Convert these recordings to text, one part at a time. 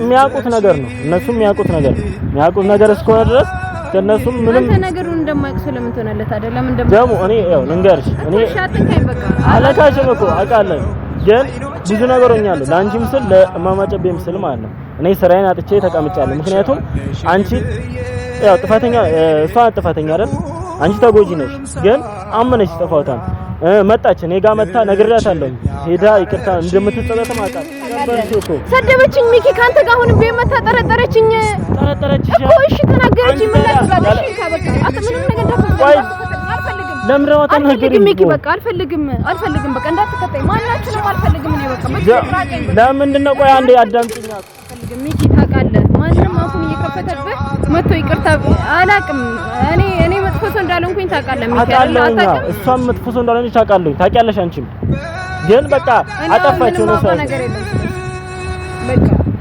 የሚያውቁት ነገር ነው። እነሱም የሚያውቁት ነገር ነው። የሚያውቁት ነገር እስከሆነ ድረስ ከነሱ ምንም ነገሩን ደግሞ እኔ ያው ልንገርሽ፣ እኔ አለቃሽም እኮ አውቃለሁ፣ ግን ብዙ ነገሮኛለሁ። ለአንቺም ስል ለእማማ ጨቤም ስል ማለት ነው። እኔ ስራዬን አጥቼ ተቀምጫለሁ። ምክንያቱም አንቺ ያው ጥፋተኛ፣ እሷ ጥፋተኛ አይደል? አንቺ ተጎጂ ነሽ፣ ግን አመነሽ ጥፋቷን መጣች። እኔ ጋር መጣ ነግሬያታለሁ። ሄዳ ይቅርታ እንደምትጸጸት ማቃል ሰደበችኝ። ሚኪ ካንተ ጋር አሁንም ቤት መጣ፣ ጠረጠረችኝ፣ ጠረጠረችኝ ጠረጠረችኝ እኮ እሺ፣ ተናገረችኝ። ምን ላድርጋት? እሺ በቃ ነገር ዳፈል ሚኪ በቃ አልፈልግም፣ አልፈልግም። በቃ እንዳትከታይ፣ ማናችንም አልፈልግም። እኔ በቃ ለምንድን ነው? ቆይ አንዴ አዳምጪኝ። አልፈልግም ሚኪ ታውቃለህ፣ ማንም አፉን እየከፈተብህ መጥቶ ይቅርታ አላውቅም እኔ መጥፎ ሰው እንዳልሆንኩኝ ታውቃለህ። ሚካኤል አታውቅም፣ እሷም መጥፎ ሰው እንዳልሆነች ታውቃለህ፣ ታውቂያለሽ። አንቺም ግን በቃ አጠፋችሁ ነው ሰው በቃ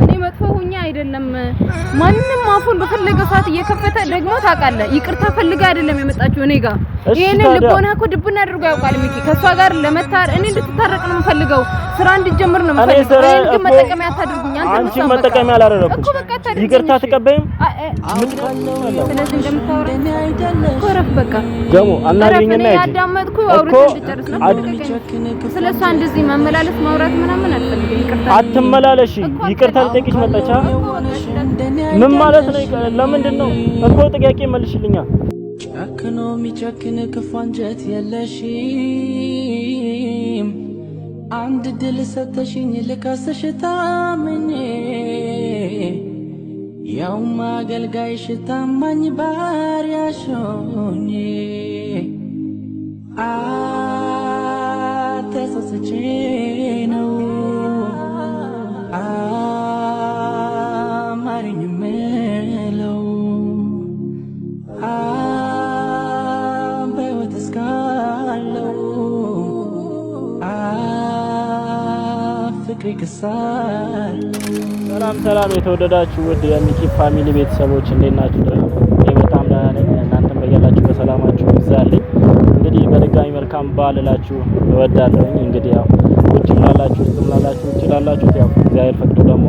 እኔ መጥፎ ሁኛ አይደለም። ማንም አፉን በፈለገ ሰዓት እየከፈተ ደግሞ ታውቃለህ፣ ይቅርታ ፈልጋ አይደለም የመጣችሁ እኔ ጋር ይሄን ልቦና እኮ ድብና አድርጎ ያውቃል። ሚኪ ከሷ ጋር ለመታር እኔ እንድትታረቅ ነው የምፈልገው። ስራ እንድጀምር ነው የምፈልገው። እኔን ግን መጠቀሚያ አታድርጉኝ። አንቺን መጠቀሚያ አላደረኩሽ። ይቅርታ አትቀበይም። እኮ በቃ ደግሞ አናገኝና ያዳመጥኩህ አውርተን እንድጨርስ ነው። ስለ እሷ ማውራት ምናምን አልፈልግም። ይቅርታ አትመላለሽ። ይቅርታ ልጠይቅሽ መጣች። ምን ማለት ነው? ለምንድን ነው እኮ ጥያቄ መልሽልኛ ጨክኖ የሚጨክን ክፉ አንጀት የለሽም። አንድ ድል ሰተሽኝ ልከስሽ ታምኜ ያውም አገልጋይሽ ታማኝ ባሪያሽ ሆኜ ሰላም የተወደዳችሁ ውድ የሚኪ ፋሚሊ ቤተሰቦች እንዴት ናችሁ? እኔ በጣም ደህና ነኝ። እናንተም በያላችሁ በሰላማችሁ ይብዛልኝ። እንግዲህ በድጋሚ መልካም በዓል እላችሁ እወዳለሁኝ። እንግዲህ ያው ውጭ ላላችሁ ውስጥ ላላችሁ ውጭ ላላችሁት ያው እግዚአብሔር ፈቅዶ ደግሞ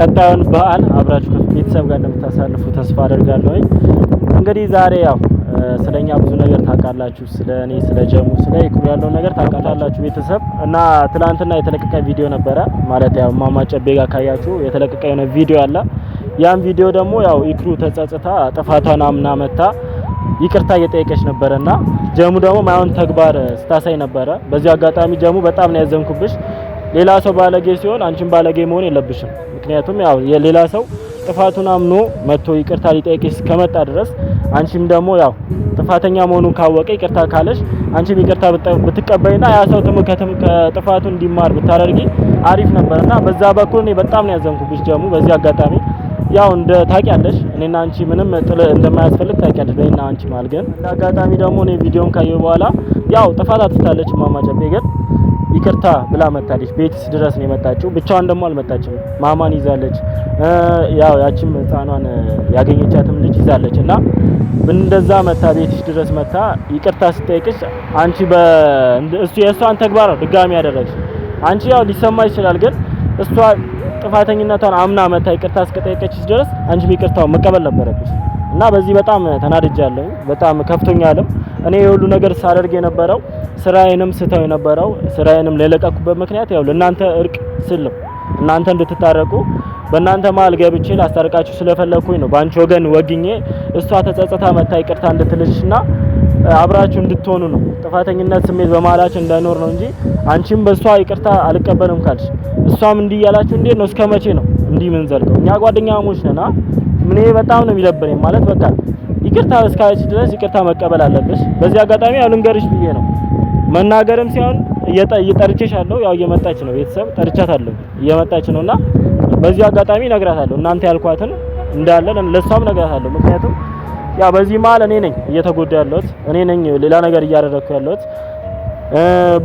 ቀጣዩን በዓል አብራችሁ ከቤተሰብ ጋር እንደምታሳልፉ ተስፋ አደርጋለሁኝ። እንግዲህ ዛሬ ያው ስለኛ ብዙ ነገር ታውቃላችሁ። ስለ እኔ፣ ስለ ጀሙ፣ ስለ ይኩሩ ያለውን ነገር ታውቃላችሁ ቤተሰብ እና ትናንትና የተለቀቀ ቪዲዮ ነበረ ማለት ያው እማማ ጋር ካያችሁ የተለቀቀ የሆነ ቪዲዮ አለ። ያን ቪዲዮ ደግሞ ያው ይኩሩ ተጸጽታ ጥፋቷን አምና መታ ይቅርታ እየጠየቀች ነበረና ጀሙ ደግሞ ማይሆን ተግባር ስታሳይ ነበረ። በዚህ አጋጣሚ ጀሙ በጣም ነው ያዘንኩብሽ። ሌላ ሰው ባለጌ ሲሆን አንቺን ባለጌ መሆን የለብሽም። ምክንያቱም ያው የሌላ ሰው ጥፋቱን አምኖ መጥቶ ይቅርታ ሊጠይቅ እስከመጣ ድረስ አንቺም ደግሞ ያው ጥፋተኛ መሆኑን ካወቀ ይቅርታ ካለሽ አንቺም ይቅርታ ብትቀበይና ያ ሰው ከጥፋቱ እንዲማር ብታደርጊ አሪፍ ነበርና በዛ በኩል እኔ በጣም ነው ያዘንኩብሽ ጀሙ። በዚህ አጋጣሚ ያው እንደ ታውቂያለሽ እኔና አንቺ ምንም ጥል እንደማያስፈልግ ታውቂያለሽ። በእኔና አንቺ ማለት ግን እንደ አጋጣሚ ደግሞ እኔ ቪዲዮን ካየሁ በኋላ ያው ጥፋት አጥፍታለች ማማጨቤ ግን ይቅርታ ብላ መጣለች። ቤትስ ድረስ ነው የመጣችው። ብቻዋን ደግሞ አልመጣችም። ማማን ይዛለች። ያው ያቺም ህፃኗን ያገኘቻትም ልጅ ይዛለች እና እንደዛ መታ ቤትሽ ድረስ መታ ይቅርታ ስጠይቅሽ አንቺ እሱ የእሷን ተግባር ድጋሚ ያደረግሽ አንቺ ያው ሊሰማ ይችላል፣ ግን እሷ ጥፋተኝነቷን አምና መታ ይቅርታ እስከጠየቀችሽ ድረስ አንቺ ይቅርታው መቀበል ነበረብሽ እና በዚህ በጣም ተናድጃለሁ። በጣም ከፍቶኛልም እኔ የሁሉ ነገር ሳደርግ የነበረው ስራዬንም ስተው የነበረው ስራዬንም ለለቀኩበት ምክንያት ያው ለእናንተ እርቅ ስልም እናንተ እንድትታረቁ በእናንተ መሀል ገብቼ ላስታርቃችሁ ስለፈለኩኝ ነው። በአንቺ ወገን ወግኜ እሷ ተጸጸታ መታ ይቅርታ እንድትልሽና አብራችሁ እንድትሆኑ ነው። ጥፋተኝነት ስሜት በመሀላችሁ እንዳይኖር ነው እንጂ አንቺም በእሷ ይቅርታ አልቀበልም ካልሽ እሷም እንዲህ እያላችሁ እንዴት ነው? እስከ መቼ ነው እንዲህ ምን ዘልቀው? እኛ ጓደኛሞች ነና ምን በጣም ነው የሚደብረኝ ማለት በቃ ይቅርታ እስካለች ድረስ ይቅርታ መቀበል አለብሽ። በዚህ አጋጣሚ ያው ልንገርሽ ብዬ ነው መናገርም ሲሆን እየጠርቼሻለሁ። ያው እየመጣች ነው ቤተሰብ ጠርቻታለሁ፣ እየመጣች ነውና በዚህ አጋጣሚ እነግራታለሁ። እናንተ ያልኳትን እንዳለ ለሷም እነግራታለሁ። ምክንያቱም ያው በዚህ መሀል እኔ ነኝ እየተጎዳ ያለሁት፣ እኔ ነኝ ሌላ ነገር እያደረኩ ያለሁት።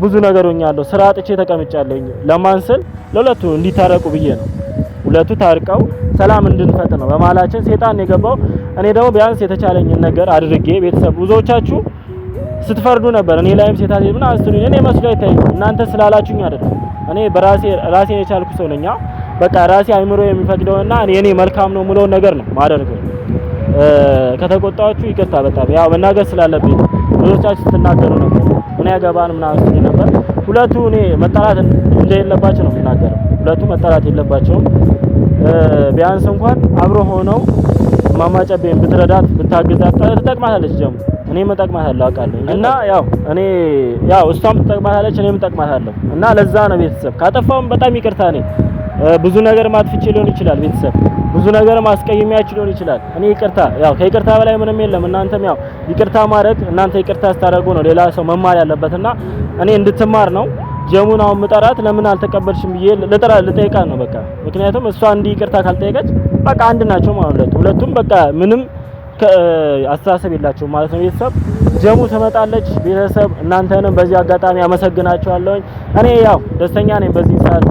ብዙ ነገር ሆኛለሁ። ስራ አጥቼ ተቀምጫለሁ። ለማን ስል ለሁለቱ እንዲታረቁ ብዬ ነው። ሁለቱ ታርቀው ሰላም እንድንፈጥ ነው። በመሀላችን ሴጣን የገባው እኔ ደግሞ ቢያንስ የተቻለኝን ነገር አድርጌ ቤተሰብ ብዙዎቻችሁ ስትፈርዱ ነበር። እኔ ላይም ሴት አትሄድ አስቱኝ እኔ መስሎ አይታይም። እናንተ ስላላችሁኝ አይደለም። እኔ በራሴ ራሴን የቻልኩ ሰው ነኝ። በቃ ራሴ አይምሮ የሚፈቅደውና እኔ እኔ መልካም ነው የምለውን ነገር ነው ማደርገው። ከተቆጣችሁ ይቅርታ፣ በጣም ያው መናገር ስላለብኝ ብዙዎቻችሁ ስትናገሩ ነበር። ምን ያገባን ምን አስቱኝ ነበር። ሁለቱ እኔ መጣራት እንደሌለባቸው ነው የምናገረው። ሁለቱ መጣላት የለባቸውም። ቢያንስ እንኳን አብሮ ሆነው ማማጨቤን ብትረዳት ብታግዛት ትጠቅማታለች። ደግሞ እኔም እጠቅማታለሁ አውቃለሁ። እና ያው እኔ ያው እሷም ትጠቅማታለች፣ እኔም እጠቅማታለሁ። እና ለዛ ነው ቤተሰብ ካጠፋውም በጣም ይቅርታ ነኝ። ብዙ ነገር ማጥፍቼ ሊሆን ይችላል፣ ቤተሰብ ብዙ ነገር ማስቀየሚያችሁ ሊሆን ይችላል። እኔ ይቅርታ ያው ከይቅርታ በላይ ምንም የለም። እናንተም ያው ይቅርታ ማድረግ እናንተ ይቅርታ ስታደርጉ ነው ሌላ ሰው መማር ያለበትና እኔ እንድትማር ነው ጀሙን አሁን ምጠራት ለምን አልተቀበልሽም ብዬ ልጠራ ልጠይቃት ነው በቃ። ምክንያቱም እሷ እንዲህ ይቅርታ ካልጠየቀች በቃ አንድ ናቸው ማለት ሁለቱም በቃ ምንም አስተሳሰብ የላቸው ማለት ነው። ቤተሰብ ጀሙ ትመጣለች። ቤተሰብ እናንተንም በዚህ አጋጣሚ አመሰግናችኋለሁ። እኔ ያው ደስተኛ ነኝ በዚህ ሰዓት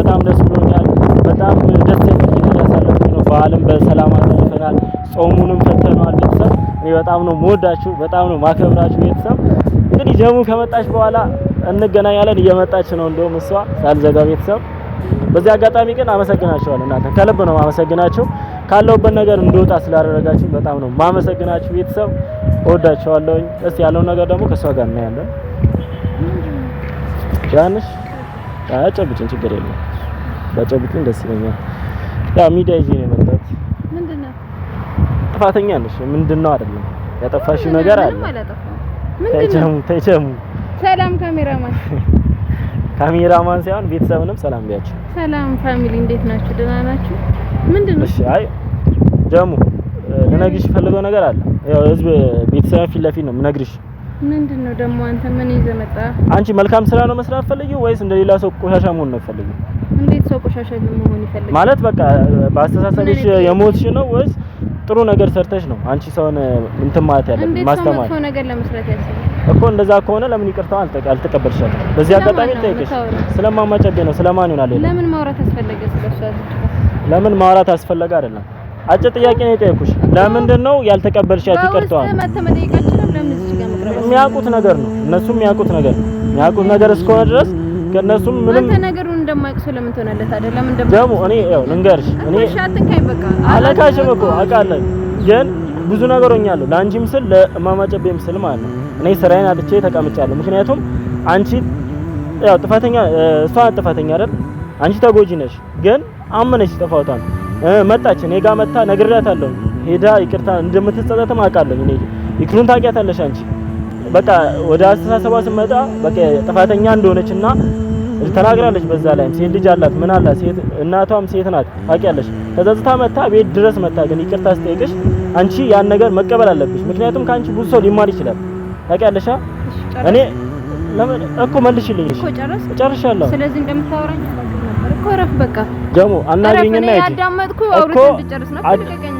በጣም ደስ ብሎኛል። በጣም ደስ የሚል ጊዜ ያሳለፍኩ ነው። በዓልም በሰላም አሳልፈናል። ጾሙንም ፈተነዋል። ቤተሰብ እኔ በጣም ነው መወዳችሁ፣ በጣም ነው ማከብራችሁ። ቤተሰብ እንግዲህ ጀሙ ከመጣች በኋላ እንገናኛለን። እየመጣች ነው እንደውም እሷ ሳልዘጋ ቤተሰብ። በዚህ አጋጣሚ ግን አመሰግናችኋለሁ እናንተ ከልብ ነው አመሰግናችሁ። ካለውበት ነገር እንድወጣ ስላደረጋችሁ በጣም ነው ማመሰግናችሁ ቤተሰብ። እወዳችኋለሁ። እስቲ ያለውን ነገር ደግሞ ከእሷ ጋር እናያለን። ያንሽ አጨብጭን ችግር የለም ባጨብጭን ደስ ይለኛል። ያ ሚዲያ ይዤ ነው የመጣሁት። ምንድነው ጥፋተኛ ነሽ ምንድነው? አይደለም ያጠፋሽው ነገር አለ። ምንድነው? ተይቸሙ ሰላም ካሜራማን ካሜራማን ሳይሆን ቤተሰብንም ሰላም ቢያችሁ። ሰላም ፋሚሊ፣ እንዴት ናችሁ? ደህና ናችሁ? ምንድን ነው? እሺ፣ አይ ደሙ ልነግርሽ ፈልገው ነገር አለ። ያው ህዝብ ቤተሰብ ፊት ለፊት ነው ምነግርሽ። ምንድን ነው ደግሞ? አንተ ምን ይዘህ አንቺ መልካም ስራ ነው መስራት ፈልጊው ወይስ እንደሌላ ሰው ቆሻሻ መሆን ነው ፈልጊው? እንዴት ሰው ቆሻሻ መሆን ይፈልጋል? ማለት በቃ በአስተሳሰብሽ የሞትሽ ነው ወይስ ጥሩ ነገር ሰርተሽ ነው አንቺ ሰውን እንትን ማለት ያለብን ማስተማር እኮ። እንደዛ ከሆነ ለምን ይቅርታው አልተቀበልሻል? በዚህ አጋጣሚ ጠይቅሽ ስለማማ ጨቤ ነው ስለማን ይሆናል? ለምን ማውራት አስፈለገ? ለምን ማውራት አስፈለገ? አይደለም አጭር ጥያቄ ነው የጠየኩሽ። ለምንድን ነው ያልተቀበልሻት ይቅርታዋል? የሚያውቁት ነገር ነው እነሱም የሚያውቁት ነገር ነው። የሚያውቁት ነገር እስከሆነ ድረስ ከነሱም ምንም እንደማያውቅ ለምን ትሆናለህ ታዲያ? ለምን ደግሞ እኔ ያው ልንገርሽ፣ እኔ ሻትን እኮ አውቃለሁ፣ ግን ብዙ ነገሮኛለሁ ለአንቺም ስል ለእማማ ጨቤም ስል ማለት ነው። እኔ ስራዬን አጥቼ ተቀምጫለሁ። ምክንያቱም አንቺ ያው ጥፋተኛ እሷ ጥፋተኛ አይደል፣ አንቺ ተጎጂ ነሽ። ግን አመነች ጥፋቷን፣ መጣች እኔ ጋር መጣ፣ ነግሬያታለሁ። ሄዳ ይቅርታ እንደምትጸጸትም አውቃለሁ። እኔ ይቅሩን ታውቂያታለሽ አንቺ። በቃ ወደ አስተሳሰቧ ስመጣ በቃ ጥፋተኛ እንደሆነችና ተናግራለች። በዛ ላይ ሴት ልጅ አላት ምን አላት ሴት እናቷም ሴት ናት ታውቂያለሽ። ተዘዝታ መታ ቤት ድረስ መታ ግን ይቅርታ ስጠይቅሽ አንቺ ያን ነገር መቀበል አለብሽ። ምክንያቱም ከአንቺ ብዙ ሰው ሊማር ይችላል ታውቂያለሽ። እኔ ለምን እኮ መልሽልኝ እኮ ጨረስ ጨርሻለሁ። ስለዚህ እንደምታወራኝ አላውቅም ነበር እኮ ረፍ በቃ ጀሞ አናግሪኝና እኔ ያዳመጥኩ አውርተን እንድጨርስ ነው ልቀቀኝ።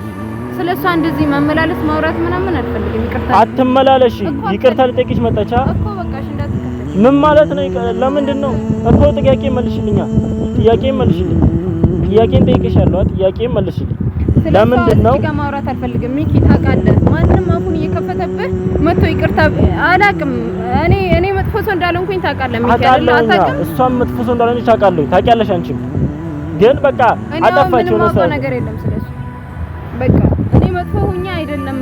ስለሷ እንደዚህ መመላለስ ማውራት ምናምን አልፈልግም። ይቅርታ አትመላለሽ። ይቅርታ ልጠይቅሽ መጣቻ እኮ በቃሽ እንዳት ምን ማለት ነው? ለምንድን ነው እኮ ጥያቄ መልሽልኛ፣ ጥያቄ መልሽልኝ። ጥያቄን ጠይቄሻለሁ። ጥያቄ መልሽልኝ። ለምንድን ነው ጋር ማውራት አልፈልግም። ሚኪ ታውቃለህ፣ ማንም አሁን እየከፈተብህ መጥቶ ይቅርታ አላውቅም። እኔ እኔ መጥፎ ሰው እንዳልሆንኩኝ ታውቃለህ። ሚኪ አለ አታውቅም። እሷም መጥፎ ሰው እንዳልሆነች ታውቃለህ፣ ታውቂያለሽ። አንቺም ግን በቃ አጠፋችሁ ነው ሰው ነገር የለም ስለዚህ በቃ እኔ መጥፎ ሁኛ አይደለም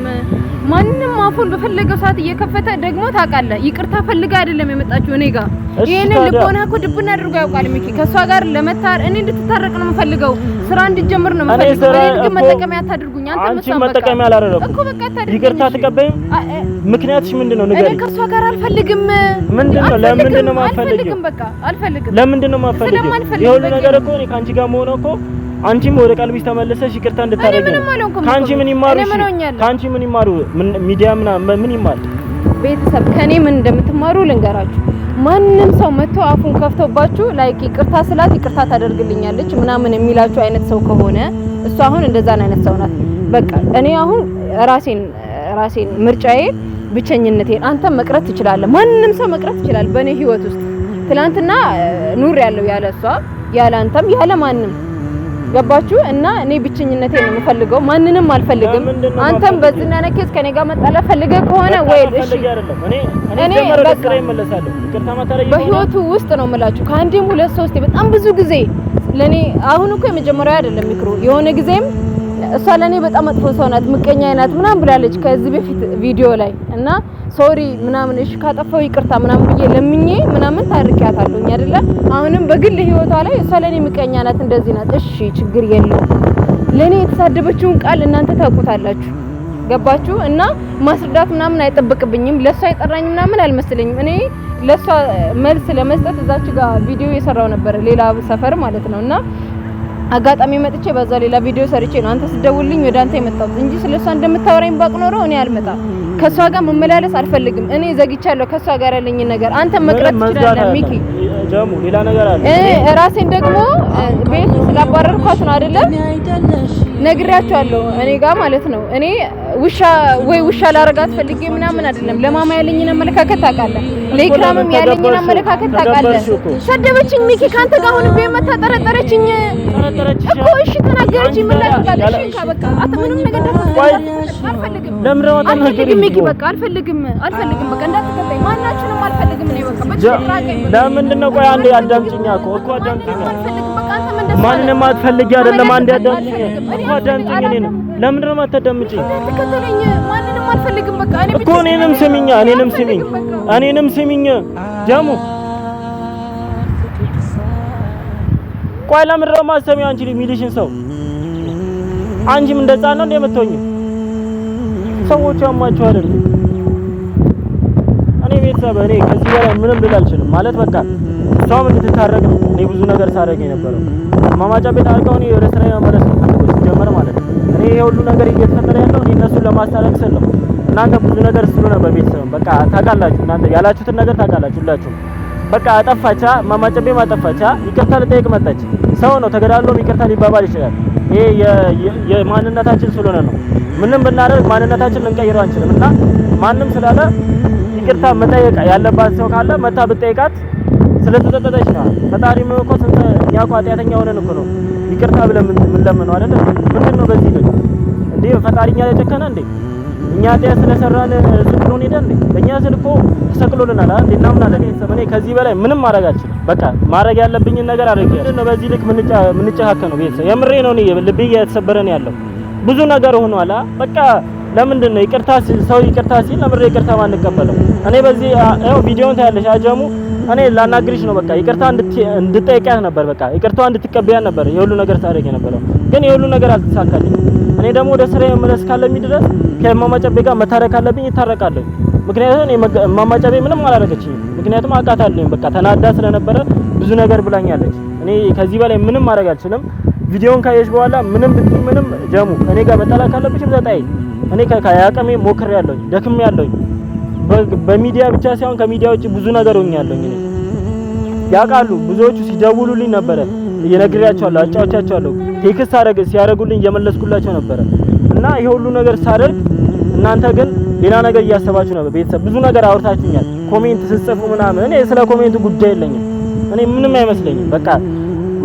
ማንም አፉን በፈለገው ሰዓት እየከፈተ ደግሞ ታውቃለህ፣ ይቅርታ ፈልጋ አይደለም የመጣችው እኔ ጋር። ይሄን ልቦና እኮ ድብና አድርጎ ያውቃል ሚኪ። ከእሷ ጋር ለመታር እኔ እንድትታረቅ ነው የምፈልገው፣ ስራ እንድጀምር ነው የምፈልገው። እኔን ግን መጠቀሚያ አታድርጉኝ። አንተ መስማማ አንቺ መጠቀሚያ አላደረኩም እኮ በቃ አታድርጉኝ። ይቅርታ አትቀበይም? ምክንያትሽ ምንድነው? ነው እኔ ከእሷ ጋር አልፈልግም። ምንድነው? ነው ለምንድን የማትፈልጊው? አልፈልግም፣ በቃ አልፈልግም። ለምንድን ነው የማትፈልጊው? የሁሉ ነገር እኮ እኔ ከአንቺ ጋር መሆን እኮ አንቺም ወደ ቀልብሽ ተመለሰሽ ይቅርታ እንድታደርጊ ካንቺ ምን ይማሩ? ካንቺ ምን ይማሩ? ሚዲያ ምን ይማር? ቤተሰብ ከኔ ምን እንደምትማሩ ልንገራችሁ። ማንም ሰው መጥቶ አፉን ከፍቶባችሁ ላይክ ይቅርታ ስላት ይቅርታ ታደርግልኛለች ምናምን የሚላችሁ አይነት ሰው ከሆነ እሱ አሁን እንደዛን አይነት ሰው ናት። በቃ እኔ አሁን ራሴን ራሴን ምርጫዬ ብቸኝነቴን አንተ መቅረት ትችላለህ። ማንም ሰው መቅረት ይችላል። በእኔ ህይወት ውስጥ ትናንትና ኑር ያለው ያለ እሷ ያለ አንተም ያለ ማንም ገባችሁ? እና እኔ ብቸኝነቴ ነው የምፈልገው፣ ማንንም አልፈልግም። አንተም በዚህ በዝና ነኬስ ከኔ ጋር መጣላ ፈልገ ከሆነ ወይ እሺ፣ እኔ በህይወቱ ውስጥ ነው የምላችሁ። ከአንዴም ሁለት ሶስቴ፣ በጣም ብዙ ጊዜ ለኔ አሁን እኮ የመጀመሪያ አይደለም ይክሩ የሆነ ጊዜም እሷ ለእኔ በጣም መጥፎ ሰው ናት፣ ምቀኛ ናት ምናምን ብላለች ከዚህ በፊት ቪዲዮ ላይ እና ሶሪ ምናምን እሺ ካጠፋው ይቅርታ ምናምን ብዬ ለምኜ ምናምን ታርቂያታለሁኝ አይደለ? አሁንም በግል ህይወቷ ላይ እሷ ለእኔ ምቀኛ ናት፣ እንደዚህ ናት። እሺ ችግር የለውም። ለእኔ የተሳደበችውን ቃል እናንተ ታውቁታላችሁ። ገባችሁ? እና ማስረዳት ምናምን አይጠበቅብኝም። ለእሷ የጠራኝ ምናምን አልመስለኝም። እኔ ለእሷ መልስ ለመስጠት እዛች ጋር ቪዲዮ የሰራው ነበረ ሌላ ሰፈር ማለት ነው እና አጋጣሚ መጥቼ በዛ ሌላ ቪዲዮ ሰርቼ ነው አንተ ስደውልኝ ወደ አንተ የመጣሁት እንጂ ስለሷ እንደምታወራኝ ባቅ ኖሮ እኔ አልመጣም። ከሷ ጋር መመላለስ አልፈልግም። እኔ ዘግቻለሁ ከሷ ጋር ያለኝ ነገር። አንተ መቅረት ትችላለህ ሚኪ። ሌላ ነገር አለ። እራሴን ደግሞ ቤት ስላባረርኳት ነው አይደለም ነግሬያቸዋለሁ። እኔ ጋር ማለት ነው። እኔ ውሻ ወይ ውሻ ላረጋት ፈልጌ ምናምን አይደለም። ለማማ ያለኝን አመለካከት ታውቃለህ፣ ለኢክራምም ያለኝን አመለካከት ታውቃለህ። ሰደበችኝ ሚኪ ካንተ ጋር አሁን በመታ ጠረጠረችኝ እኮ እሺ፣ ተናገረችኝ። ምን ላይ ታውቃለህ? እሺ በቃ ምንም ነገር አልፈልግም። ለምረው አልፈልግም ሚኪ በቃ አልፈልግም፣ አልፈልግም በቃ ማንንም አትፈልጊ አይደለም። አንድ ያዳምጪኝ እኮ አዳምጪኝ። እኔንም ለምንድን ነው የማታዳምጪኝ? እኮ እኔንም ስሚኝ፣ እኔንም ስሚኝ፣ እኔንም ስሚኝ። ጀሙ ቆይ፣ ለምንድን ነው የማትሰሚው? አንቺ የሚልሽን ሰው አንቺም እንደ ሕፃን ነው እንደምትሆኚ ሰዎቹ ያማችኋል። እኔ ቤተሰብ እኔ ከዚህ በላይ ምንም ልል አልችልም ማለት በቃ እሷም እንድታረቅ እኔ ብዙ ነገር ሳደርግ የነበረው ማማጫ ቤት አድርገው እኔ ወደ ስራዬ መመለስ ፈልጎ ሲጀመር ማለት ነው። እኔ ይሄ ሁሉ ነገር እየተፈጠረ ያለው እኔ እነሱን ለማስታረቅ ስል ነው። እናንተ ብዙ ነገር ስለሆነ በቤተሰብ በቃ ታውቃላችሁ፣ እናንተ ያላችሁትን ነገር ታውቃላችሁ ሁላችሁም። በቃ አጠፋቻ ማማጫ ቤት ማጠፋቻ ይቅርታ ልጠይቅ መጣች። ሰው ነው ተገዳሎም ይቅርታ ሊባባል ይችላል። ይሄ የማንነታችን ስለሆነ ነው። ምንም ብናደርግ ማንነታችን ልንቀይረው አንችልም እና ማንም ስላለ ይቅርታ መጠየቅ ያለባት ሰው ካለ መታ ብጠይቃት ስለተጠጠተች ነው። ፈጣሪ ምን እኮ ስንት እኛ ኃጢአተኛ ሆነን እኮ ነው ይቅርታ ብለን ምን ለምነው አይደል? ምንድን ነው በዚህ ልጅ እንዴ ፈጣሪ እኛ ላይ ጨከነ እንዴ? እኛ ኃጢአት ስለሰራን ዝም ብሎን ሄደ እንዴ? በእኛ ስል እኮ ተሰቅሎልናል አይደል? እናምናለን። እኔ ከዚህ በላይ ምንም ማድረግ አልችልም። በቃ ማድረግ ያለብኝን ነገር አድርጌ ምንድን ነው በዚህ ልክ ምንጨካከን ነው ቤተሰብ የምሬ ነው። እኔ ልቤ እየተሰበረ ነው ያለው ብዙ ነገር ሆኗል። በቃ ለምንድን ነው ይቅርታ ሰው ይቅርታ ሲል ለምን ነው ይቅርታ ማንቀበለው? እኔ በዚህ ያው ቪዲዮውን ታያለሽ አጀሙ፣ እኔ ላናግሪሽ ነው በቃ ይቅርታ እንድጠይቂያት ነበር፣ በቃ ይቅርታ እንድትቀበያት ነበር የሁሉ ነገር ታደርግ የነበረው ግን የሁሉ ነገር አልተሳካልኝ። እኔ ደግሞ ወደ ስራ መመለስ ካለብኝ ድረስ ከማማጨቤ ጋር መታረቅ ካለብኝ ይታረቃለሁ። ምክንያቱም እኔ ማማጨቤ ምንም አላደረገችኝም። ምክንያቱም አውቃታለሁ፣ በቃ ተናዳ ስለነበረ ብዙ ነገር ብላኛለች። እኔ ከዚህ በላይ ምንም ማድረግ አልችልም። ቪዲዮውን ካየሽ በኋላ ምንም ብትይ ምንም ጀሙ፣ እኔ ጋር መጣላት ካለብሽም ተጣይ እኔ ከአቅሜ ሞክር ያለሁኝ ደክም ያለሁኝ በሚዲያ ብቻ ሳይሆን ከሚዲያ ውጭ ብዙ ነገር ሆኝ ያለሁኝ ያውቃሉ። ብዙዎቹ ሲደውሉልኝ ነበረ እየነግሬያቸዋለሁ፣ አጫውቻቸዋለሁ። ቴክስት አረግ ሲያደርጉልኝ እየመለስኩላቸው ነበረ እና ይሄ ሁሉ ነገር ሳደርግ እናንተ ግን ሌላ ነገር እያሰባችሁ ነበር። ቤተሰብ ብዙ ነገር አውርታችሁኛል። ኮሜንት ስጽፉ ምናምን እኔ ስለ ኮሜንቱ ጉዳይ የለኝም። እኔ ምንም አይመስለኝም። በቃ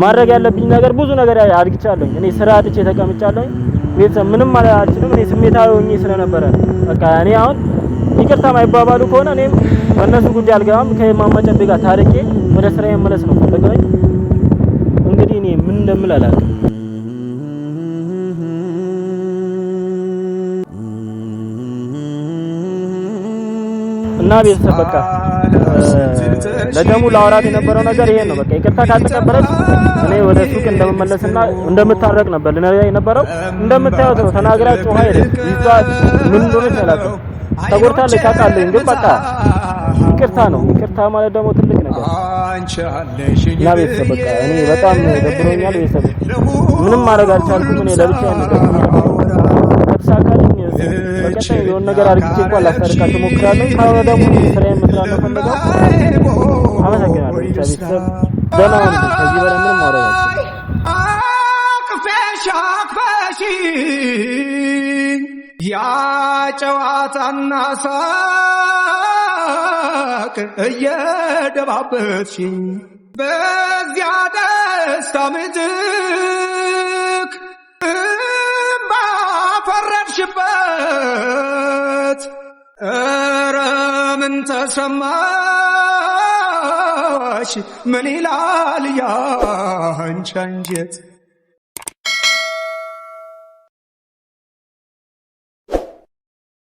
ማድረግ ያለብኝ ነገር ብዙ ነገር አድግቻለሁኝ። እኔ ስራ አጥቼ ተቀምጫለሁኝ። ቤተሰብ ምንም ማለት አልችልም። እኔ ስሜታዊ ሆኜ ስለነበረ በቃ እኔ አሁን ይቅርታ ማይባባሉ ከሆነ እኔም በእነሱ ጉዳይ አልገባም። ከማማ ጨቤ ጋር ታርቄ ወደ ስራ መመለስ ነው ፈለገኝ። እንግዲህ እኔ ምን እንደምል አላውቅም። እና ቤተሰብ በቃ ለጀሙ ለአውራት የነበረው ነገር ይሄ ነው። በቃ ይቅርታ ካልተቀበለች እኔ ወደ ሱቅ እንደምመለስና እንደምታረቅ ነበር ልነግርህ የነበረው። እንደምታዩት ነው ተናግራ ጮኸ። ይሄ ይዟ ምን እንደሆነ አላውቅም። ተጎድታለች ታውቃለች። ግን በቃ ይቅርታ ነው። ይቅርታ ማለት ደግሞ ትልቅ ነገር እና ቤተሰብ በቃ እኔ በጣም ደብሮኛል። ቤተሰብ ምንም ማድረግ አልቻልኩም። እኔ ለብቻዬ ነው ቀጣ የሆነ ነገር አድርጌ እንኳን ላስታርቃቸው ሞክራለሁ። ካልሆነ ደግሞ መስራት ነው ፈለገው። አመሰግናለሁ። ቤተሰብ ደህና ከዚህ በላይ ምንም ጨዋታና ሳቅ እየደባበትሽኝ በዚያ ደስታ ምድር ጩኸት እረ ምን ተሰማሽ? ምን ይላል ያንቺ አንጀት?